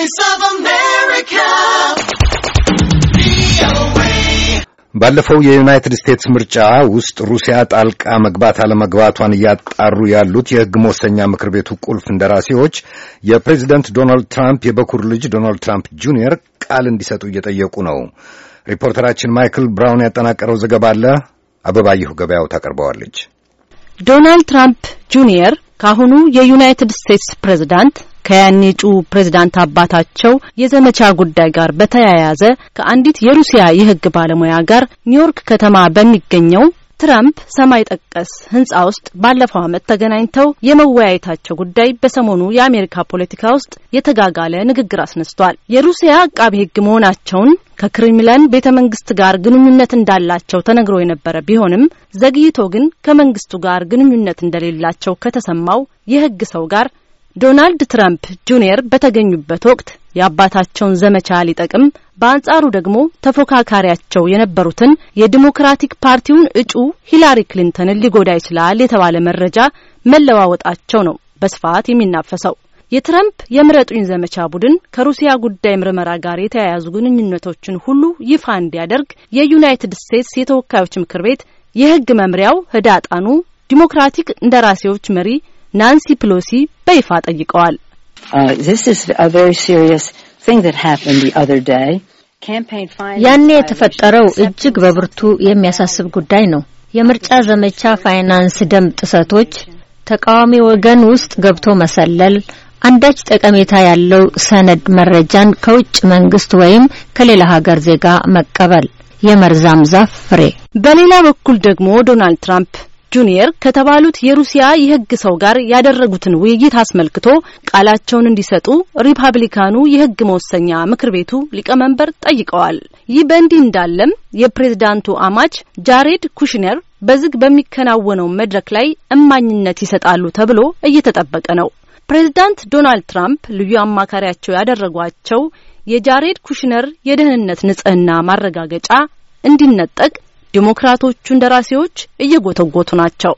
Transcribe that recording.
Voice of America. ባለፈው የዩናይትድ ስቴትስ ምርጫ ውስጥ ሩሲያ ጣልቃ መግባት አለመግባቷን እያጣሩ ያሉት የሕግ መወሰኛ ምክር ቤቱ ቁልፍ እንደራሴዎች የፕሬዚደንት ዶናልድ ትራምፕ የበኩር ልጅ ዶናልድ ትራምፕ ጁኒየር ቃል እንዲሰጡ እየጠየቁ ነው። ሪፖርተራችን ማይክል ብራውን ያጠናቀረው ዘገባ አለ። አበባየሁ ገበያው ታቀርበዋለች። ዶናልድ ትራምፕ ጁኒየር ካሁኑ የዩናይትድ ስቴትስ ፕሬዝዳንት ከያኔጩ ፕሬዝዳንት አባታቸው የዘመቻ ጉዳይ ጋር በተያያዘ ከአንዲት የሩሲያ የህግ ባለሙያ ጋር ኒውዮርክ ከተማ በሚገኘው ትራምፕ ሰማይ ጠቀስ ህንጻ ውስጥ ባለፈው ዓመት ተገናኝተው የመወያየታቸው ጉዳይ በሰሞኑ የአሜሪካ ፖለቲካ ውስጥ የተጋጋለ ንግግር አስነስቷል። የሩሲያ አቃቢ ህግ መሆናቸውን ከክሪምለን ቤተ መንግስት ጋር ግንኙነት እንዳላቸው ተነግሮ የነበረ ቢሆንም ዘግይቶ ግን ከመንግስቱ ጋር ግንኙነት እንደሌላቸው ከተሰማው የህግ ሰው ጋር ዶናልድ ትራምፕ ጁኒየር በተገኙበት ወቅት የአባታቸውን ዘመቻ ሊጠቅም በአንጻሩ ደግሞ ተፎካካሪያቸው የነበሩትን የዲሞክራቲክ ፓርቲውን እጩ ሂላሪ ክሊንተንን ሊጎዳ ይችላል የተባለ መረጃ መለዋወጣቸው ነው በስፋት የሚናፈሰው። የትረምፕ የምረጡኝ ዘመቻ ቡድን ከሩሲያ ጉዳይ ምርመራ ጋር የተያያዙ ግንኙነቶችን ሁሉ ይፋ እንዲያደርግ የዩናይትድ ስቴትስ የተወካዮች ምክር ቤት የሕግ መምሪያው ህዳጣኑ ዲሞክራቲክ እንደራሴዎች መሪ ናንሲ ፕሎሲ በይፋ ጠይቀዋል። uh, ያኔ የተፈጠረው እጅግ በብርቱ የሚያሳስብ ጉዳይ ነው። የምርጫ ዘመቻ ፋይናንስ ደንብ ጥሰቶች፣ ተቃዋሚ ወገን ውስጥ ገብቶ መሰለል፣ አንዳች ጠቀሜታ ያለው ሰነድ መረጃን ከውጭ መንግስት ወይም ከሌላ ሀገር ዜጋ መቀበል፣ የመርዛም ዛፍ ፍሬ። በሌላ በኩል ደግሞ ዶናልድ ትራምፕ ጁኒየር ከተባሉት የሩሲያ የህግ ሰው ጋር ያደረጉትን ውይይት አስመልክቶ ቃላቸውን እንዲሰጡ ሪፐብሊካኑ የሕግ መወሰኛ ምክር ቤቱ ሊቀመንበር ጠይቀዋል። ይህ በእንዲህ እንዳለም የፕሬዝዳንቱ አማች ጃሬድ ኩሽነር በዝግ በሚከናወነው መድረክ ላይ እማኝነት ይሰጣሉ ተብሎ እየተጠበቀ ነው። ፕሬዝዳንት ዶናልድ ትራምፕ ልዩ አማካሪያቸው ያደረጓቸው የጃሬድ ኩሽነር የደህንነት ንጽህና ማረጋገጫ እንዲነጠቅ ዲሞክራቶቹ እንደራሴዎች እየጎተጎቱ ናቸው።